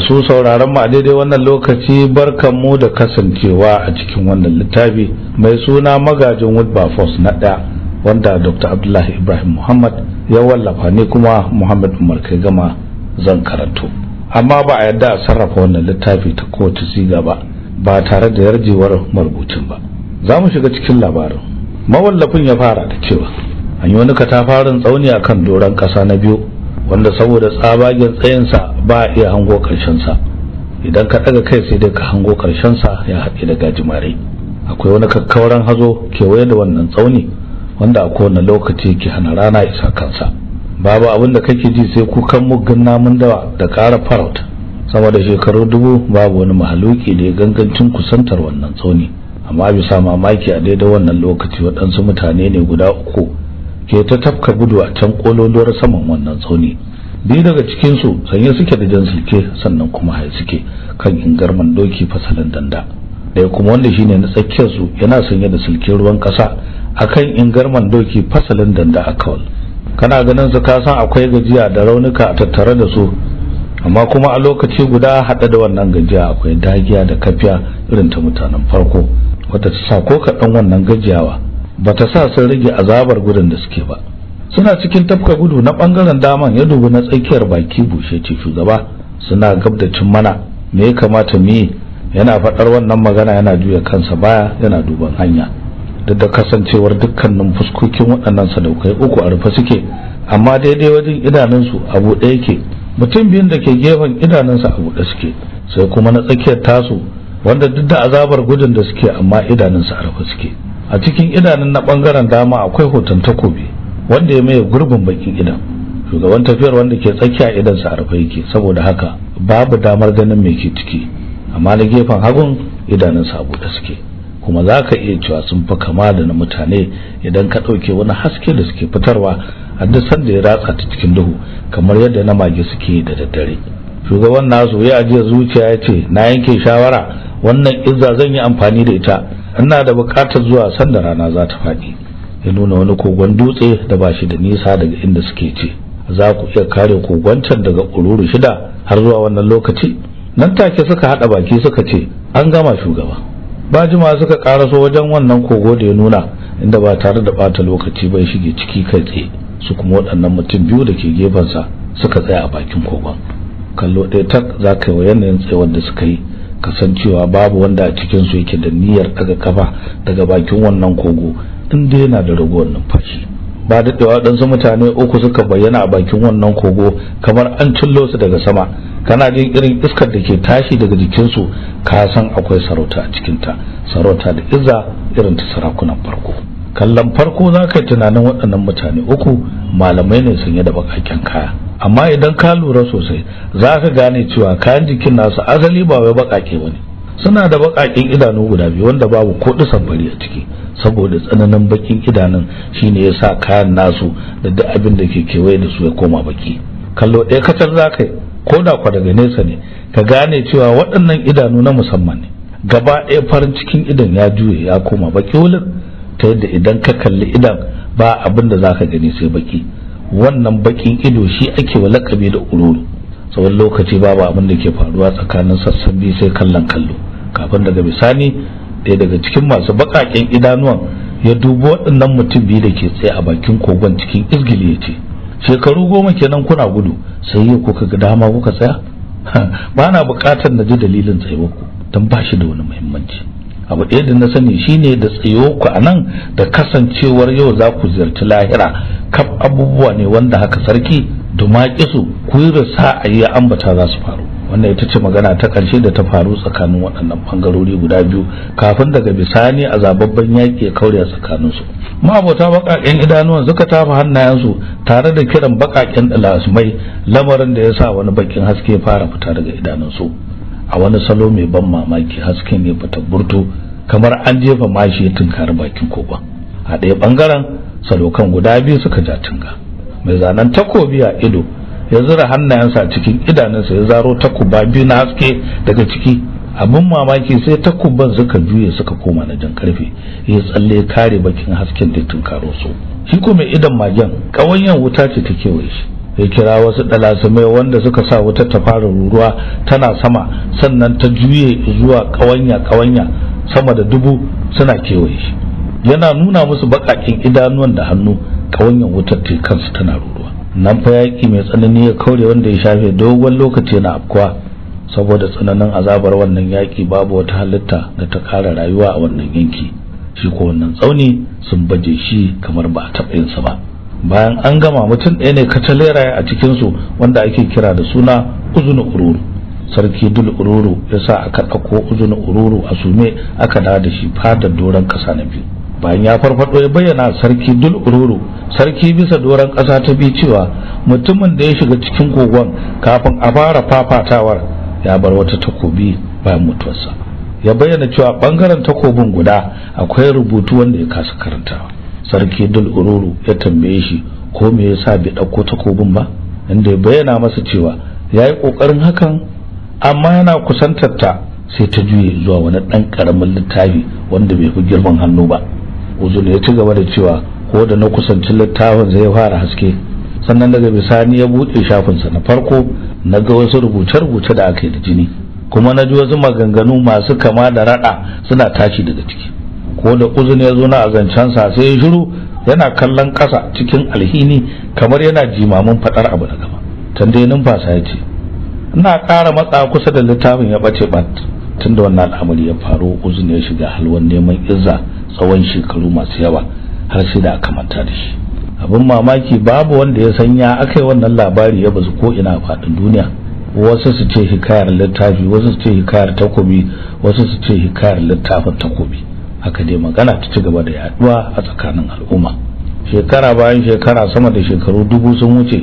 masu sauraron mu a daidai wannan lokaci barkan mu da kasancewa a cikin wannan littafi mai suna magajin Woodba force na ɗaya wanda dr abdullahi ibrahim muhammad ya wallafa ne kuma muhammad umar kai gama zan karanto amma ba a yadda a sarrafa wannan littafi ta kowace siga ba ba tare da yarjewar marubucin ba za mu shiga cikin labarin mawallafin ya fara da cewa an yi wani katafarin tsauni akan doron ƙasa na biyu wanda saboda tsabagen tsayinsa ba a iya hango sa idan ka ɗaga kai sai dai ka hango sa ya haɗe da gajimare akwai wani kakkauran hazo kewaye da wannan tsauni wanda a kowane lokaci ke hana rana isa kansa babu abin da kake ji sai kukan muggan namun dawa da ƙara farauta sama da shekaru dubu babu wani mahaluki da ya gangancin kusantar wannan tsauni amma bisa mamaki a daidai wannan lokaci waɗansu mutane ne guda uku ke ta tafka gudu a can kololuwar saman wannan tsauni biyu daga cikin su sanye suke da jan silke sannan kuma haye suke kan ingarman doki fasalin danda ɗaya kuma wanda shine na tsakiyar su yana sanye da silke ruwan ƙasa akan ingarman doki fasalin danda a kawal kana ganin su ka san akwai gajiya da raunuka a tattare da su amma kuma a lokaci guda haɗe da wannan gajiya akwai dagiya da kafiya irin ta mutanen farko wata ta sa ko kaɗan wannan gajiyawa Bata sa sun rage azabar gudun da suke ba suna cikin tafka gudu na bangaren daman ya dubi na tsakiyar baki bushe ce shugaba suna gab da cin mana me ya kamata mu yi yana faɗar wannan magana yana juya kansa baya yana duban hanya duk da kasancewar dukkanin fuskokin waɗannan sadaukai uku a rufe suke amma daidai wajen idanunsu a buɗe yake mutum biyun da ke gefen idanunsa a buɗe suke sai kuma na tsakiyar tasu wanda duk da azabar gudun da suke amma idanunsa a rufe suke a cikin idanun na bangaren dama akwai hoton takobi wanda ya maye gurbin bakin idan shugaban tafiyar wanda ke tsakiya idan sa rufe yake saboda haka babu damar ganin me ke ciki amma na gefen hagun idanun sa bude suke kuma za ka iya cewa sun fi kama da na mutane idan ka ɗauke wani haske da suke fitarwa a duk sanda ya ratsa ta cikin duhu kamar yadda na mage suke da daddare shugaban nasu ya ajiye zuciya ya ce na yanke shawara wannan izza zan yi amfani da ita ina da bukatar zuwa sanda rana za ta faɗi ya nuna wani kogon dutse da ba shi da nisa daga inda suke ce za ku iya kare kogon can daga ƙururu shida har zuwa wannan lokaci nan take suka haɗa baki suka ce an gama shugaba Ba bajima suka karaso wajen wannan kogo da ya nuna inda ba tare da bata lokaci bai shige ciki kai tsaye su kuma waɗannan mutum biyu da ke gefensa suka tsaya a bakin kogon kallo ɗaya tak za ka yi wa yanayin tsayawar da suka yi kasancewa babu wanda a cikin su yake da niyyar daga kafa daga bakin wannan kogo in inda yana da ragowar numfashi ba daɗewa waɗansu mutane uku suka bayyana a bakin wannan kogo kamar an cillo su daga sama kana jin irin iskar da ke tashi daga jikinsu ka san akwai sarauta a cikinta sarauta da izza irin ta sarakunan farko kallon farko za ka yi tunanin waɗannan mutane uku malamai ne sanye da bakakken kaya amma idan ka lura sosai za ka gane cewa kayan jikin nasu azali ba wai bakake ba ne suna da bakakin idanu guda biyu wanda babu ko dusan a ciki saboda tsananin bakin idanun shine ya sa kayan nasu da duk abin da ke kewaye da su ya koma baki kallo ɗaya kacal za ka ko da kwa daga nesa ne ka gane cewa waɗannan idanu na musamman ne gaba ɗaya farin cikin idan ya juye ya koma baki wulin ta yadda idan ka kalli idan ba abin da za ka gani sai baki wannan bakin ido shi ake wa lakabi da ururu tsawon lokaci babu abin da ke faruwa tsakanin sassan biyu sai kallon kallo kafin daga bisani ɗaya daga cikin masu baƙaƙen idanuwan ya dubi waɗannan mutum biyu da ke tsaye a bakin kogon cikin izgili ya ce shekaru goma kenan kuna gudu sai ya kuka ga dama kuka tsaya ba na buƙatar na ji dalilin tsayuwarku don ba shi da wani muhimmanci abu ɗaya da na sani shine da tsayo ku a nan da kasancewar yau za ku ziyarci lahira kaf abubuwa ne wanda haka sarki dumaƙisu kuira sa a yi ambata za su faru wannan ita ce magana ta ƙarshe da ta faru tsakanin waɗannan bangarori guda biyu kafin daga bisani a zababben yaƙi ya kaure tsakaninsu ma'abota baƙaƙen idanuwan suka tafa hannayensu tare da kiran baƙaƙen dalasmai lamarin da ya sa wani baƙin haske fara fita daga idanunsu a wani salo mai ban mamaki hasken ya fita burtu kamar an jefa mashi ya tunkari bakin koba a ɗaya ɓangaren salokan guda biyu suka ja tunga mai zanen takobi a ido ya zura hannayensa a cikin idanunsa ya zaro takuba biyu na haske daga ciki abin mamaki sai takuban suka juye suka koma na jan karfe ya tsalle kare bakin hasken da tunkaro su shi mai idan magen ƙawanyen wuta ce ta kewaye shi ya kira wasu dalasimai wanda suka sa wuta ta fara ruruwa tana sama sannan ta juye zuwa ƙawanya ƙawanya sama da dubu suna kewaye shi yana nuna musu bakakin idanuwan da hannu kawanyan wutar ta kansu tana ruruwa nan fa yaki mai tsanani ya kaure wanda ya shafe dogon lokaci yana afkuwa saboda tsananin azabar wannan yaki babu wata halitta da ta kara rayuwa a wannan yanki shi ko wannan tsauni sun baje shi kamar ba a taɓa yinsa ba bayan an gama mutum ɗaya ne katalera a cikinsu wanda ake kira da suna uzunu ururu sarki dul ururu ya sa aka ɗauko uzunu ururu a sume aka dawo da shi fadar doron ƙasa na biyu bayan ya farfado ya bayyana sarki dul ururu sarki bisa doron ƙasa ta bi cewa mutumin da ya shiga cikin kogon kafin a fara fafatawar ya bar wata takobi bayan mutuwarsa ya bayyana cewa bangaren takobin guda akwai rubutu wanda ya kasa karantawa sarki dul ururu ya tambaye shi ko me yasa bai ɗauko takobin ba inda ya bayyana masa cewa ya yi ƙoƙarin hakan amma yana kusantar ta sai ta juye zuwa wani ɗan ƙaramin littafi wanda bai fi girman hannu ba wujud ya ci gaba da cewa ko da na kusanci littafin zai fara haske sannan daga bisani ya buɗe shafinsa na farko na ga wasu rubuce-rubuce da aka yi da jini kuma na ji wasu maganganu masu kama da raɗa suna tashi daga ciki ko da uzun ya zo na azancansa sai ya shiru yana kallon ƙasa cikin alhini kamar yana jimamin faɗar abu na gaba tande numfasa ya ce ina ƙara matsa kusa da littafin ya ɓace ɓat tunda wannan al'amari ya faru uzun ya shiga halwan neman izza tsawon shekaru masu yawa har sai da aka manta da shi abin mamaki babu wanda ya san ya aka wannan labari ya bazu ko ina faɗin duniya wasu su ce hikayar littafi wasu su ce hikayar takobi wasu su ce hikayar littafin takobi haka dai magana ta ci gaba da yaduwa a tsakanin al'umma shekara bayan shekara sama da shekaru dubu sun wuce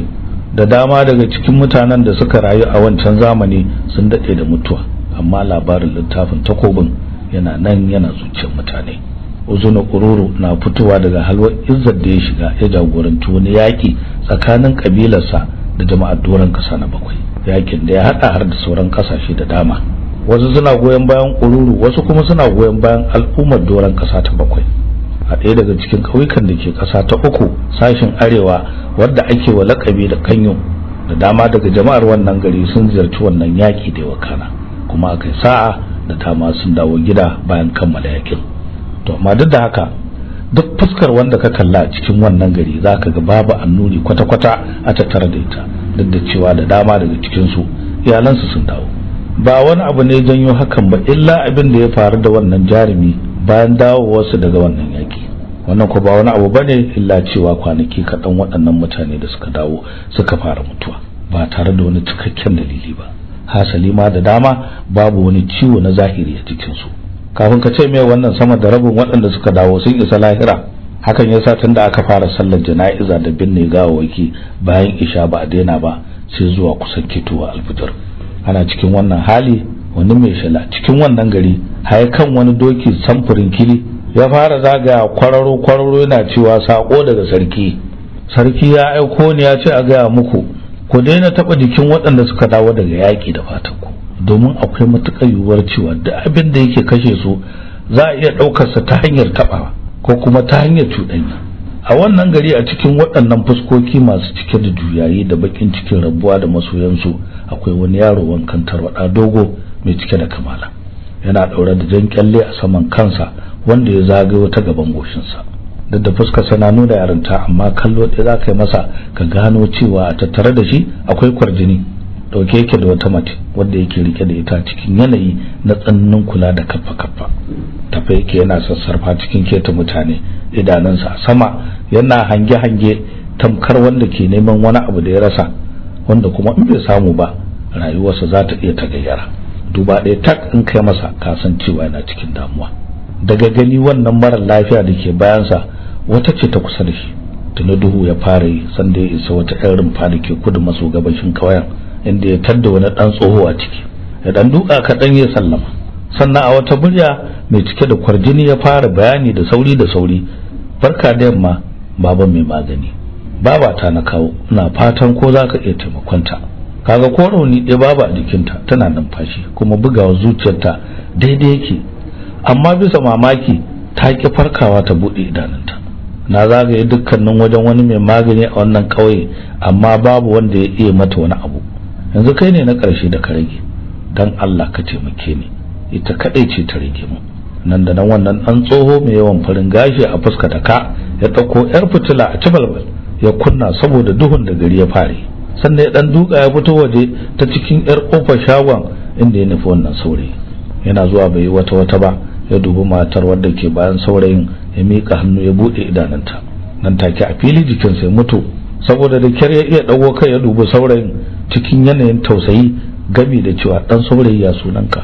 da dama daga cikin mutanen da suka rayu a wancan zamani sun daɗe da mutuwa amma labarin littafin takobin yana nan yana zuciyar mutane uzuna kururu na fitowa daga halwar izzar da ya shiga ya jagoranci wani yaƙi tsakanin ƙabilarsa da jama'ar doron ƙasa na bakwai yakin da ya haɗa har da sauran ƙasashe da dama wasu suna goyon bayan kururu wasu kuma suna goyon bayan al'ummar doron ƙasa ta bakwai a ɗaya daga cikin ƙauyukan da ke ƙasa ta uku sashen arewa wadda ake wa lakabi da kanyo da dama daga jama'ar wannan gari sun ziyarci wannan yaƙi da wakana kuma akai sa'a da dama sun dawo gida bayan kammala yakin to amma duk da haka duk fuskar wanda ka kalla a cikin wannan gari za ka ga babu annuri kwata-kwata a tattare da ita duk da cewa da dama daga cikinsu iyalansu sun dawo ba wani abu ne janyo hakan ba illa abin da ya faru da wannan jarumi bayan dawowarsu daga wannan yaki wannan ko ba wani abu bane illa cewa kwanaki kaɗan waɗannan mutane da suka dawo suka fara mutuwa ba tare da wani cikakken dalili ba hasali ma da dama babu wani ciwo na zahiri a cikinsu kafin ka ce mai wannan sama da rabin waɗanda suka dawo sun isa lahira hakan yasa tun da aka fara sallar jana'iza da binne gawawaki bayan isha ba a daina ba sai zuwa kusan kitowa alfitar ana cikin wannan hali wani mai shala cikin wannan gari har kan wani doki samfurin kili ya fara zagaya kwararo kwararo yana cewa sako daga sarki sarki ya aiko ni ya ce a gaya muku ku daina taɓa jikin waɗanda suka dawo daga yaƙi da fatan domin akwai matukar yiwuwar cewa da abin da yake kashe su za a iya ɗaukarsa ta hanyar taɓa ko kuma ta hanyar cuɗanya a wannan gari a cikin waɗannan fuskoki masu cike da juyayi da bakin cikin rabuwa da masoyansu akwai wani yaro wankan tarwaɗa dogo mai cike da kamala yana ɗaure da jan kyalle a saman kansa wanda ya zagayo ta gaban goshinsa duk da fuskarsa na nuna yarinta amma kallo ɗaya za ka masa ka gano cewa a tattare da shi akwai kwarjini dauke yake da wata mace wadda yake rike da ita cikin yanayi na tsananin kula da kaffa kaffa tafe yake yana sassarfa cikin keta mutane idanunsa sama yana hange hange tamkar wanda ke neman wani abu da ya rasa wanda kuma in bai samu ba rayuwarsa za ta iya tagayyara duba ɗaya tak in kai masa ka san cewa yana cikin damuwa daga gani wannan marar lafiya da ke bayansa wata ce ta kusa da shi tuni duhu ya fara yi sanda ya isa wata 'yan rumfa da ke kudu maso gabashin ƙauyen inda ya tadda wani ɗan tsoho a ciki ya dan duka kaɗan ya sallama sannan a wata murya mai cike da kwarjini ya fara bayani da sauri da sauri barka da yamma baban mai magani baba ta na kawo na fatan ko za ka iya taimakonta kaga ko rauni ɗaya baba a jikin ta tana numfashi kuma bugawa zuciyarta daidai yake amma bisa mamaki ta ki farkawa ta buɗe idanunta na zagaye dukkanin wajen wani mai magani a wannan ƙauye amma babu wanda ya iya mata wani abu yanzu kai ne na ƙarshe da ka rage dan Allah ka taimake ni ita kadai ce ta rage mu nan da nan wannan dan tsoho mai yawan farin gashi a fuska da ka ya dauko yar fitila a tabalbal ya kunna saboda duhun da gari ya fare sannan ya dan duka ya fito waje ta cikin yar kofar shagon inda ya nufi wannan saurayi yana zuwa bai yi wata wata ba ya dubi matar wadda ke bayan saurayin ya mika hannu ya buɗe idananta nan take a fili jikinsa ya mutu saboda da kyar ya iya dago kai ya dubi saurayin cikin yanayin tausayi gami da cewa dan saurayi ya sunanka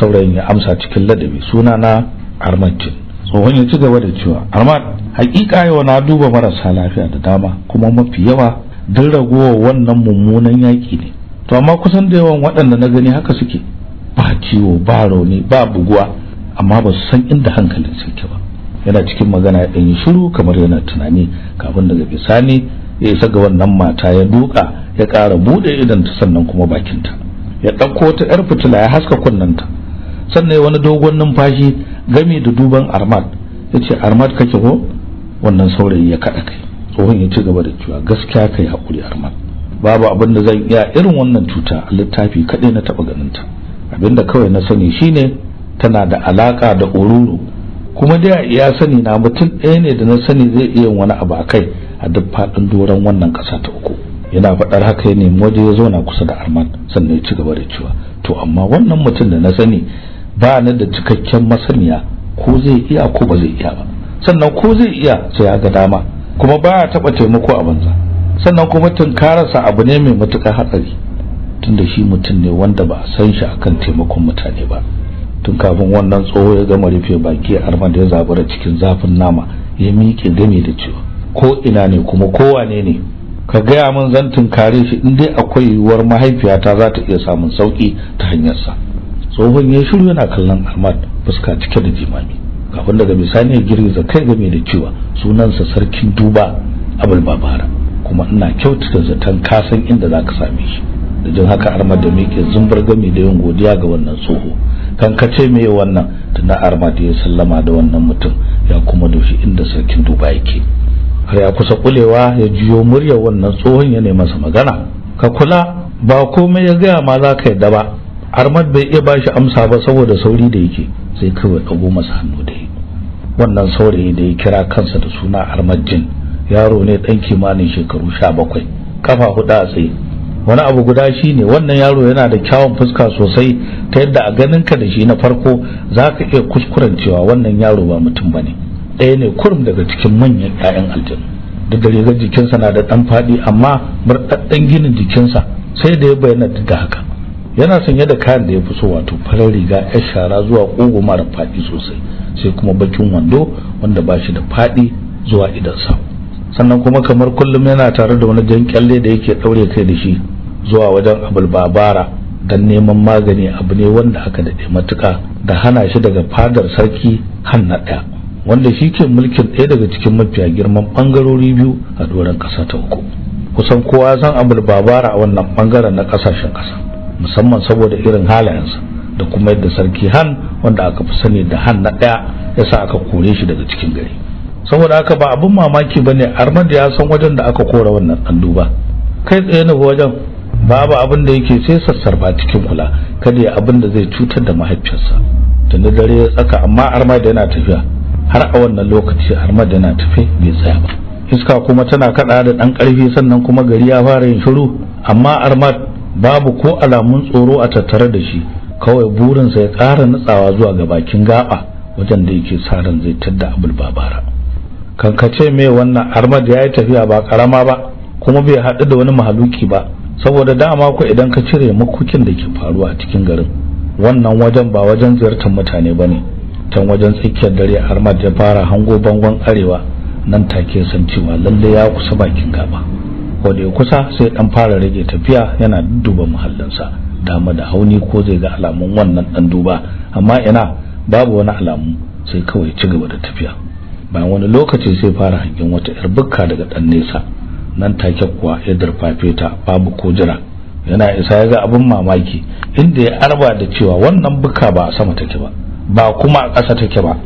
saurayin ya amsa cikin ladabi suna na armadjin. tsohon ya ci gaba da cewa armat hakika yau na duba marasa lafiya da dama kuma mafi yawa dan ragowar wannan mummunan yaƙi ne to amma kusan da yawan waɗanda na gani haka suke ba ciwo ba rauni ba buguwa amma ba su san inda hankalin suke ba yana cikin magana ya ɗanyi shiru kamar yana tunani kafin daga bisani ya isa ga wannan mata ya duka ya ƙara buɗe idan ta sannan kuma bakinta ya ɗauko ta yar fitila ya haska kunnanta sannan wani dogon numfashi gami da duban armad ya ce armad kake ko wannan saurayi ya kaɗa kai tsohon ya ci gaba da cewa gaskiya kai haƙuri armad babu abin da zan iya irin wannan cuta a littafi kaɗai na taɓa ganinta abinda kawai na sani shine tana da alaƙa da ororo kuma dai ya sani na mutum ɗaya ne da na sani zai iya wani abu a kai a duk faɗin doron wannan ƙasa ta uku yana faɗar haka ya nemi waje ya zauna kusa da arman sannan ya ci gaba da cewa to amma wannan mutum da na sani ba ni da cikakken masaniya ko zai iya ko ba zai iya ba sannan ko zai iya sai ya ga dama kuma ba ya taɓa taimako a banza sannan kuma tunkararsa abu ne mai matuƙar hatsari tunda shi mutum ne wanda ba a san shi akan taimakon mutane ba tun kafin wannan tsoho ya gama rufe baki da ya zabura cikin zafin nama ya miƙe gami da cewa ko ina ne kuma kowane ne ka gaya min zan tunkare shi in dai akwai yiwuwar mahaifiyata za ta iya samun sauki ta hanyarsa tsohon ya shiru yana kallon ahmad fuska cike da jimami kafin daga bisani ya girgiza kai game da cewa sunansa sarkin duba abul babara kuma ina kyautata zaton kasan inda za ka same shi da jin haka armad da mike zumbar game da yin godiya ga wannan tsoho kan ka ce meye wannan tunda armad ya sallama da wannan mutum ya kuma doshi inda sarkin duba yake ya kusa kulewa ya jiyo muryar wannan tsohon ya nema masa magana ka kula ba komai ya gaya ma za ka yadda ba armad bai iya bashi amsa ba saboda sauri da yake sai kawai ɗago masa hannu da yi wannan saurayi da ya kira kansa da suna jin yaro ne ɗan kimanin shekaru sha bakwai kafa huɗu a tsaye wani abu guda shi ne wannan yaro yana da kyawun fuska sosai ta yadda a ganin ka da shi na farko za ka iya kuskuren cewa wannan yaro ba mutum ba ne ɗaya ne kurum daga cikin manyan 'ya'yan aljanu duk da rigar jikinsa na da ɗan faɗi amma murɗaɗɗen ginin jikinsa sai da ya bayyana duk da haka yana sanye da kayan da ya fi so wato farar riga yar shara zuwa ƙugu mara faɗi sosai sai kuma bakin wando wanda ba shi da faɗi zuwa idan sa sannan kuma kamar kullum yana tare da wani jan kyalle da yake ɗaure kai da shi zuwa wajen abul babara don neman magani abu ne wanda aka daɗe matuka da hana shi daga fadar sarki han na ɗaya wanda shi ke mulkin ɗaya daga cikin mafiya girman bangarori biyu a doron ƙasa ta uku kusan kowa san amul babara a wannan ɓangaren na ƙasashen ƙasa musamman saboda irin halayensa da kuma yadda sarki han wanda aka fi sani da han na ɗaya ya sa aka kore shi daga cikin gari saboda haka ba abin mamaki ba ne armad ya san wajen da aka kora wannan ɗan duba kai tsaye na wajen babu abin da yake sai sassarfa cikin kula kada ya abin da zai cutar da mahaifiyarsa tunda dare ya tsaka amma armad yana tafiya har a wannan lokaci har na tafi bai tsaya ba iska kuma tana kada da dan karfi sannan kuma gari ya fara yin shiru amma armad babu ko alamun tsoro a tattare da shi kawai burinsa ya ƙara nutsawa zuwa ga bakin gaba wajen da yake sa zai tadda abul babara kankace mai wannan armad ya yi tafiya ba karama ba kuma bai haɗu da wani mahaluki ba saboda dama ko idan ka cire makokin da ke faruwa a cikin garin wannan wajen ba wajen ziyartar mutane ba ne can wajen tsakiyar dare armad ya fara hango bangon arewa nan take san cewa lalle ya kusa bakin gaba wanda ya kusa sai dan fara rage tafiya yana duba muhallinsa dama da hauni ko zai ga alamun wannan dan duba amma ina babu wani alamu sai kawai ci gaba da tafiya bayan wani lokaci sai fara hangen wata yar bukka daga dan nesa nan take kuwa ya durfafe ta babu ko jira yana isa ya ga abin mamaki inda ya arba da cewa wannan bukka ba a sama take ba ba kuma a ƙasa take ba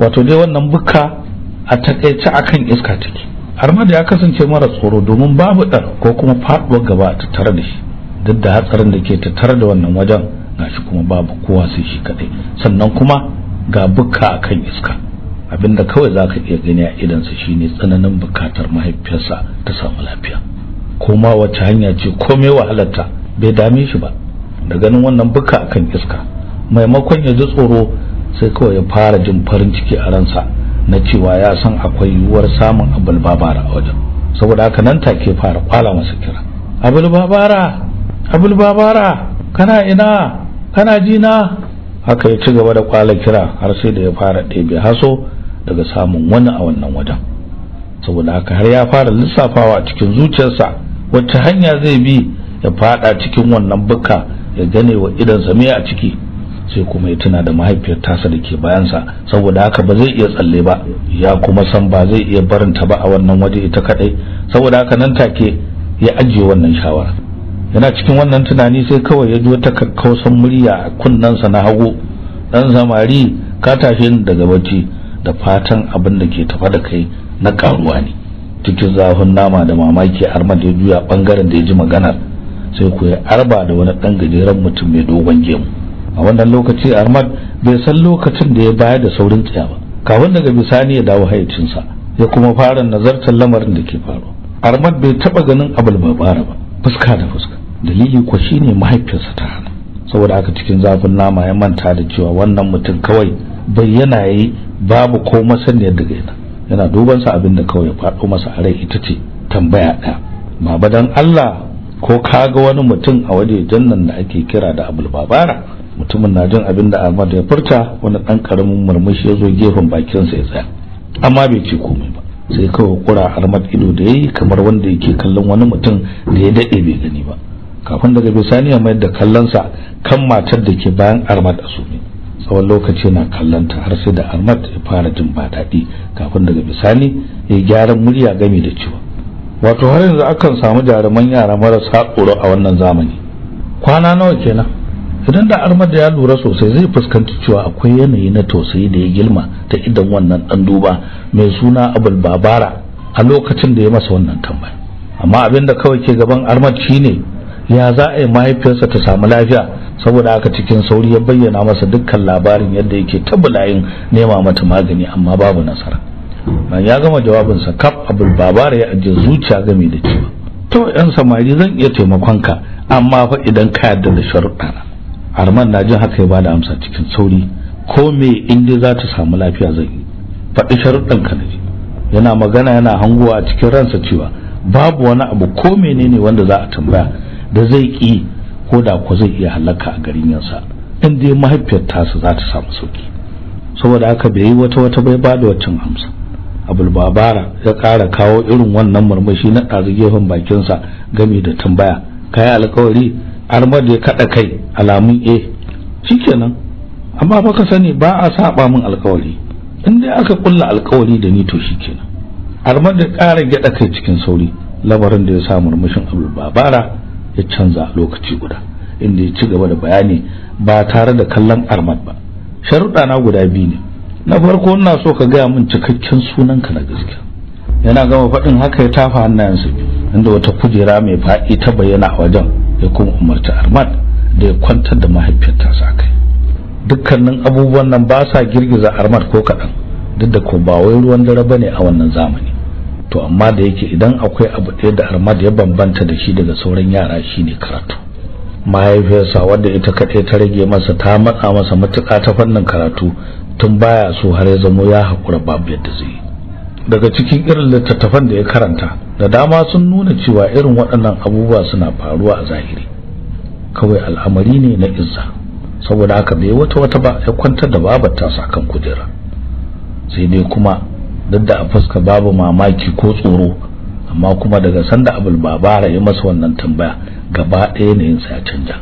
wato dai wannan bukka a takaice akan iska take har da ya kasance mara tsoro domin babu ɗar ko kuma faɗuwar gaba a tattare da shi duk da hatsarin da ke tattare da wannan wajen shi kuma babu kowa sai shi kaɗai sannan kuma ga bukka kan iska abinda kawai za ka iya gani a idansa shine tsananin bukatar mahaifiyarsa ta samu lafiya ko ma wace hanya ce komai wahalarta bai dame shi ba da ganin wannan bukka akan iska maimakon ya ji tsoro sai kawai ya fara jin farin ciki a ransa na cewa ya san akwai yiwuwar samun abul babara a wajen saboda haka nan take fara kwala masa kira abul babara abul babara kana ina kana ji na haka ya ci gaba da kwala kira har sai da ya fara ɗebe haso daga samun wani a wannan wajen saboda haka har ya fara lissafawa cikin zuciyarsa wacce hanya zai bi ya fada cikin wannan buka ya gane wa idansa me a ciki sai kuma ya tuna da mahaifiyar tasa da ke bayansa saboda haka ba zai iya tsalle ba ya kuma san ba zai iya barinta ba a wannan waje ita kadai saboda haka nan take ya ajiye wannan shawara yana cikin wannan tunani sai kawai ya ji wata kakkausan murya a kunnensa na hagu dan samari ka tashi daga bacci da fatan abin da ke tafa da kai na karuwa ne cikin zafin nama da mamaki Ahmad ya juya bangaren da ya ji magana sai ku ya arba da wani dan gajeren mutum mai dogon gemu a wannan lokaci armad bai san lokacin da ya bayar da saurin tsaya ba kawun daga bisani ya dawo hayacinsa ya kuma fara nazartar lamarin da ke faru armad bai taba ganin Abul Babara ba fuska da fuska dalili ko shine mahaifiyarsa ta hana saboda haka cikin zafin nama ya manta da cewa wannan mutum kawai bayyana yayi babu ko masaniyar daga ga yana duban sa abinda kawai ya faɗo masa a rai ita ce tambaya ɗaya baba dan Allah ko kaga wani mutum a waje jannan da ake kira da Abul Babara mutumin na jin abin da Ahmad ya furta wani ɗan ƙaramin murmushi ya zo gefen bakinsa ya tsaya amma bai ce komai ba sai kawai kura Ahmad ido da yayi kamar wanda yake kallon wani mutum da ya daɗe bai gani ba kafin daga bisani ya mayar da kallonsa kan matar da ke bayan Ahmad a sumi tsawon lokaci na kallonta har sai da Ahmad ya fara jin ba daɗi kafin daga bisani ya gyara murya gami da cewa wato har yanzu akan samu jaruman yara marasa tsoro a wannan zamani kwana nawa kenan idan da armar da ya lura sosai zai fuskanta cewa akwai yanayi na tausayi da ya girma ta idan wannan dan duba mai suna abul babara a lokacin da ya masa wannan tambaya amma abin da kawai ke gaban armar ne ya za a yi mahaifiyarsa ta samu lafiya saboda haka cikin sauri ya bayyana masa dukkan labarin yadda yake bulayin nema mata magani amma babu nasara Nan ya gama jawabinsa kaf abul babara ya ajiye zuciya game da cewa to yan samari zan iya taimakonka amma fa idan ka yarda da sharuɗana arman na jin haka ya bada amsa cikin sauri ko me in dai za ta samu lafiya zan yi faɗi sharuɗan ka naji yana magana yana hanguwa a cikin ransa cewa babu wani abu ko menene wanda za a tambaya da zai ƙi ko da ko zai iya halaka a garin yansa in dai mahaifiyar tasa za ta samu sauki saboda haka bai yi wata wata bai ba da waccan amsa abul babara ya ƙara kawo irin wannan murmushi na ɗazu gefen bakinsa game da tambaya yi alkawari armad ya kada kai alamun a shikenan amma baka sani ba a saba min alkawari inda aka kulla alkawari da ni to shi shikenan armad da kara gyaɗa kai cikin sauri labarin da ya sa murmushin abul babara ya canza lokaci guda inda ya ci gaba da bayani ba tare da kallon armad ba sharuɗa na guda biyu ne na farko ina so ka gaya min cikakken sunanka na gaskiya yana gama faɗin haka ya tafa hannayensa inda wata kujera mai faɗi ta bayyana a wajen ya kuma umarci Armad da ya kwantar da mahaifiyarta sa kai dukkanin abubuwan nan ba sa girgiza Armad ko kaɗan duk da ko ba wai ruwan dare bane a wannan zamani to amma da yake idan akwai abu ɗaya da Armad ya bambanta da shi daga sauran yara shine karatu mahaifiyarsa wadda ita kaɗai ta rage masa ta matsa masa matuka ta fannin karatu tun baya so har ya zamo ya hakura babu yadda zai yi daga cikin irin littattafan da ya karanta da dama sun nuna cewa irin waɗannan abubuwa suna faruwa a zahiri kawai al'amari ne na izza saboda haka bai wata wata ba ya kwantar da babar tasa kan kujera sai dai kuma duk da a fuska babu mamaki ko tsoro amma kuma daga sanda abul babara ya masa wannan tambaya gaba ɗaya ne yin ya canja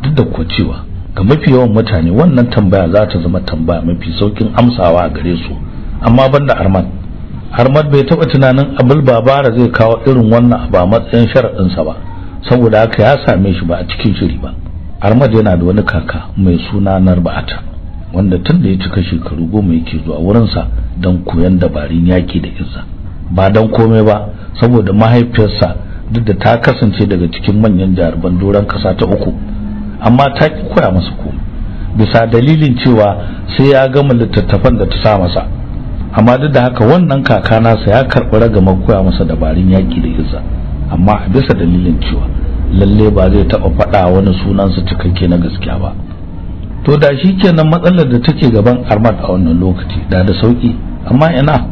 duk da ko cewa ga mafi yawan mutane wannan tambaya za ta zama tambaya mafi saukin amsawa a gare su amma banda arman har ma bai taba tunanin abul babara zai kawo irin wannan ba matsayin sharaɗinsa ba saboda haka ya same shi ba a cikin shiri ba armad yana da wani kaka mai suna narba'ata wanda tun da ya cika shekaru goma yake zuwa wurinsa don koyon dabarun yaƙi da izza ba don komai ba saboda mahaifiyarsa duk da ta kasance daga cikin manyan jaruman doron kasa ta uku amma ta koya masa komai bisa dalilin cewa sai ya gama littattafan da ta sa masa amma duk da haka wannan kaka nasa ya karɓi ragama koya masa dabarun yaƙi da izza amma a bisa dalilin cewa lalle ba zai taɓa faɗa wani sunan sunansa cikakke na gaskiya ba to da shi kenan matsalar da take gaban armad a wannan lokaci da da sauƙi amma ina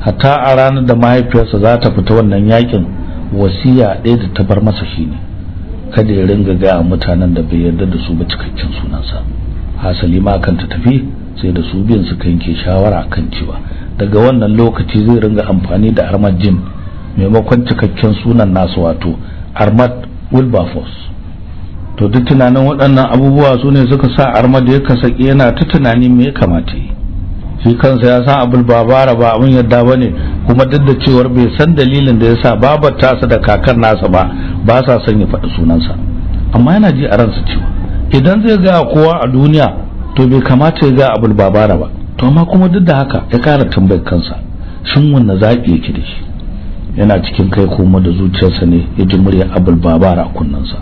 hatta a ranar da mahaifiyarsa za ta fita wannan yaƙin wasiya ɗaya da ta bar masa shine kada ya ringa gaya mutanen da bai yarda da su ba cikakken sunansa hasali ma kan ta tafi sai da su biyan suka yanke shawara kan cewa daga wannan lokaci zai ringa amfani da armad jim maimakon cikakken sunan nasu wato armad wilberforce to duk tunanin waɗannan abubuwa su ne suka sa armad ya kasaki yana ta tunani me ya kamata yi shi kansa ya san abul babara ba abin yadda ba ne kuma duk da cewar bai san dalilin da ya sa babar tasa da kakar nasa ba ba sa son ya faɗi sunansa amma yana ji a ransa cewa idan zai gaya kowa a duniya to bai kamata ya ga abul babara ba to amma kuma duk da haka ya kara tambayar kansa shin wanne zaɓi yake da shi yana cikin kai kuma da zuciyarsa ne ya ji murya abul babara a kunnensa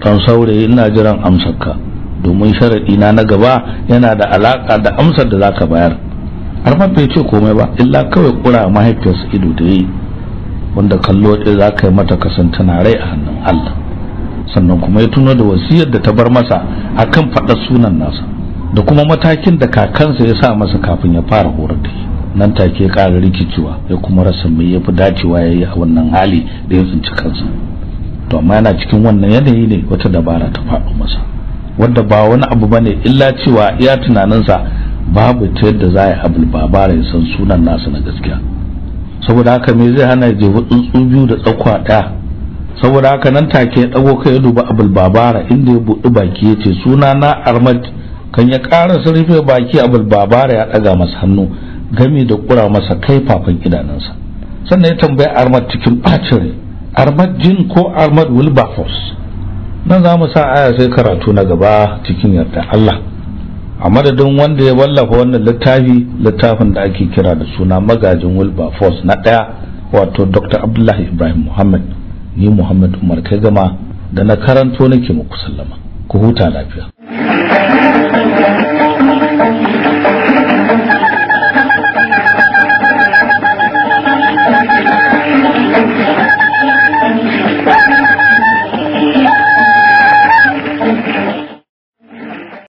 kan saurayi ina jiran amsarka domin sharaɗi na na gaba yana da alaƙa da amsar da zaka bayar har bai ce komai ba illa kawai kura mahaifiyarsa ido da yi wanda kallo ɗaya za ka yi mata kasan tana rai a hannun Allah sannan kuma ya tuno da wasiyar da ta bar masa akan faɗar sunan nasa da kuma matakin da kakansa ya sa masa kafin ya fara horar da shi nan take ƙara rikicewa ya kuma rasa mai ya fi dacewa ya yi a wannan hali da ya tsinci kansa to amma yana cikin wannan yanayi ne wata dabara ta faɗo masa wadda ba wani abu ba ne illa cewa iya tunaninsa babu ta yadda za a abu babara ya san sunan nasa na gaskiya saboda haka me zai hana jefa tsuntsu biyu da tsakwa ɗaya saboda haka nan take ya ɗago kai ya duba abul babara inda ya buɗi baki ya ce suna na armad kan ya ƙarasa rufe baki abul babara ya ɗaga masa hannu gami da ƙura masa kai fafan idanunsa sannan ya tambaya armad cikin ɓacin armad jin ko armad wilberforce nan za mu sa aya sai karatu na gaba cikin yarda Allah a madadin wanda ya wallafa wannan littafi littafin da ake kira da suna magajin wilberforce na ɗaya wato dr abdullahi ibrahim muhammad ni muhammad umar kai gama da na karanto nake muku sallama ku huta lafiya